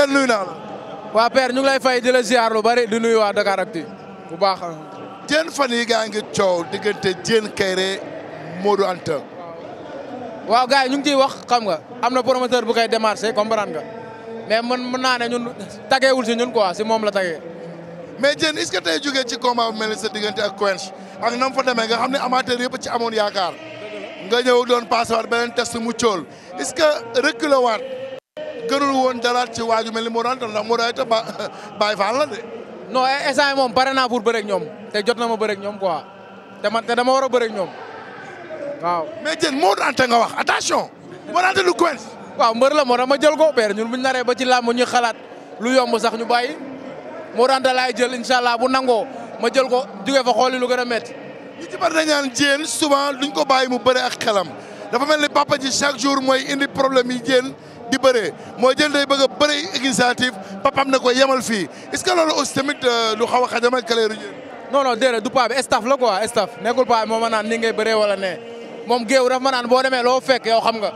Sène nuyu naa la. waa père ñu ngi lay fay di la bari di nuyu waa Dakaractu bu baax. Diène fan yi gaa ngi coow diggante Diène Kairé Modou Anta. waaw gars ñu ngi ciy wax xam nga am na promoteur bu kay démarché comprendre ga mais man mën naa ne ñun tageewul si ñun quoi si moom la tagee mais Diène est-ce que tey jógee ci combat bu mel ni sa diggante ak Quench ak nam fa demee nga xam ne amateur yëpp ci amoon yaakaar nga ñëw doon passé waat beneen test mu cool est-ce que reculé gënul woon dara ci waaju mel ni Modou Anta ndax Modou Anta ba Baye Fall la de. non e- instant moom pare naa pour bëreeg ñoom te jot na ma bëreeg ñoom quoi te man te dama war a bëreeg ñoom waaw. mais jën Modou Anta nga wax attention. Modou Anta lu coince. waaw mbër la moo tax ma jël ko père ñun bu ñu naree ba ci làmb ñuy xalaat lu yomb sax ñu bàyyi Modou Anta laay jël incha allah bu nangoo ma jël ko jugee fa xooli lu gën a métti. ñi ci bari dañaan jéen souvent duñ ko bàyyi mu bëre ak xelam dafa mel ni papa ji chaque mooy indi problème yi jéen. di bëree mooy jël day bëgg a bëri initiative papam na ko yemal fii est-ce que loolu aussi tamit euh, lu xaw a xajam ak Kalle Rujeen non du paa bi la quoi staff nekkul paa bi moo ma naan ni ngay bëree wala nee moom géew daf ma naan boo demee loo fekk yow xam nga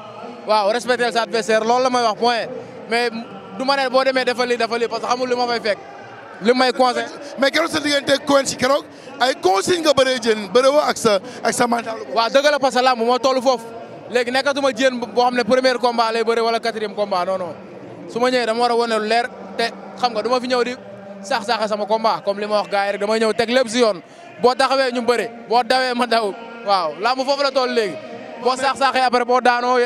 waaw respecter sa adversaire loolu la may wax point mais du ma boo demee dafa lii dafa lii parce que xamul li ma fay fekk li may conseil mais keroog sa diggante Coen si keroog ay consigne nga bëree jën bëree sa ak sa mental waaw dëgg la parce que làmb foofu léegi nekkatuma jéen boo xam ne premier combat lay bëri wala quatrième combat non non su ma ñëwee dama war a wane lu leer te xam nga du ma fi ñëw di sax sax sama combat comme li ma wax gars yi rek damay ñëw teg lépp si yoon boo taxawee ñu bëri boo dawee ma daw waaw làmb foofu la toll léegi. boo sax saxee après boo daanoo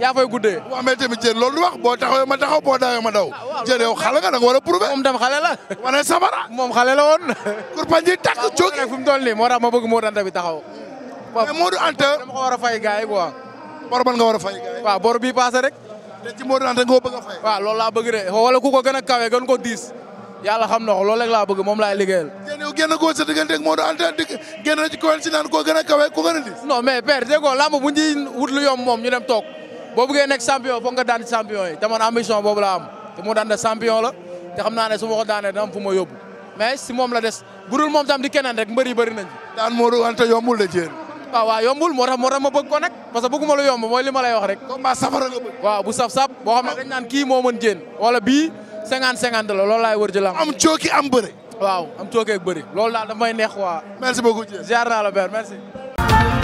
yaa fay guddee. boo amee tamit jéen boo taxawee ma taxaw boo dawee ma daw. Ah, jéen yow xale nga nag war a prouver. moom tam xale la. wane sabara. moom xale la woon. kurpañ ji tàkk jóge waaw fu mu toll nii moo tax ma bëgg taxaw. mais Modou Anta dama ko war a fay gars yi quoi. bor ban nga war a fay gars yi. waaw bor bii paase rek. te ci Modou Anta nga ko bëgg a fay. waaw loolu laa bëgg de wala ku ko gën a kawe gën ko diis yàlla xam na ko loolu rek laa bëgg moom laay liggéeyal. génn yow génn koo sa diggante ak Modou Anta di génn ci kawel si naan koo gën a kawe ku gën a diis. non mais père dégg nga làmb bu ñuy wut lu yomb moom ñu dem toog boo bëggee nekk champion foog nga daan ci champion yi te man ambition boobu laa am te Modou Anta champion la te xam naa ne su ma ko daanee dama fu ma yóbbu mais si moom la des bu dul moom tam di keneen rek mbëri bëri nañ daan Modou Anta yombul de jéen combat waaw yombul moo tax moo ma bëgg ko nag parce que bëgguma lu yomb mooy li ma lay wax rek. combat safara nga bëgg. waaw bu saf saf boo xam ne dañ kii moo mën jéen wala bii cinquante cinquante la loolu laay wër ji la am cooki am bëri. waaw loolu daal daf may neex waa. merci beaucoup Dieng ziar naa la